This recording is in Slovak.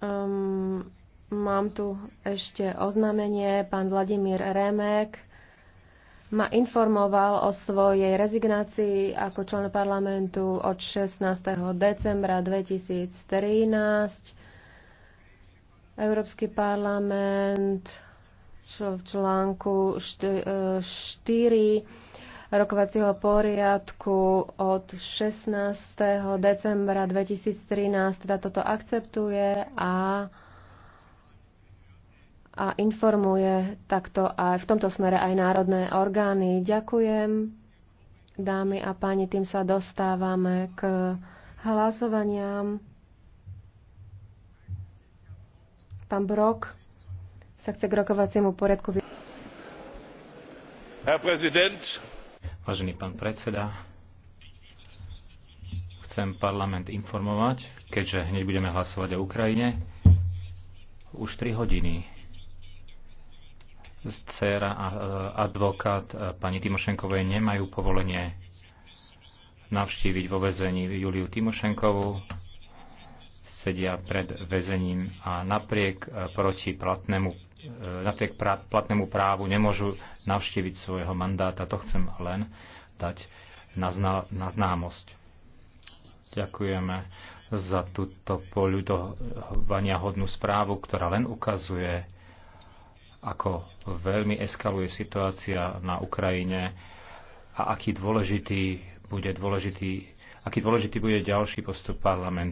Um, mám tu ešte oznámenie. Pán Vladimír Remek ma informoval o svojej rezignácii ako člen parlamentu od 16. decembra 2013. Európsky parlament v článku 4 e, rokovacieho poriadku od 16. decembra 2013 teda toto akceptuje a a informuje takto aj v tomto smere aj národné orgány. Ďakujem, dámy a páni, tým sa dostávame k hlasovaniam. Pán Brok sa chce k rokovaciemu poriadku. Herr Präsident, Vážený pán predseda, chcem parlament informovať, keďže hneď budeme hlasovať o Ukrajine. Už 3 hodiny dcera a advokát pani Timošenkovej nemajú povolenie navštíviť vo väzení Juliu Timošenkovú. Sedia pred väzením a napriek e, proti platnému E, napriek platnému právu nemôžu navštíviť svojho mandáta. To chcem len dať na, zna, na známosť. Ďakujeme za túto poľudovania hodnú správu, ktorá len ukazuje, ako veľmi eskaluje situácia na Ukrajine a aký dôležitý bude, dôležitý, aký dôležitý bude ďalší postup parlamentu.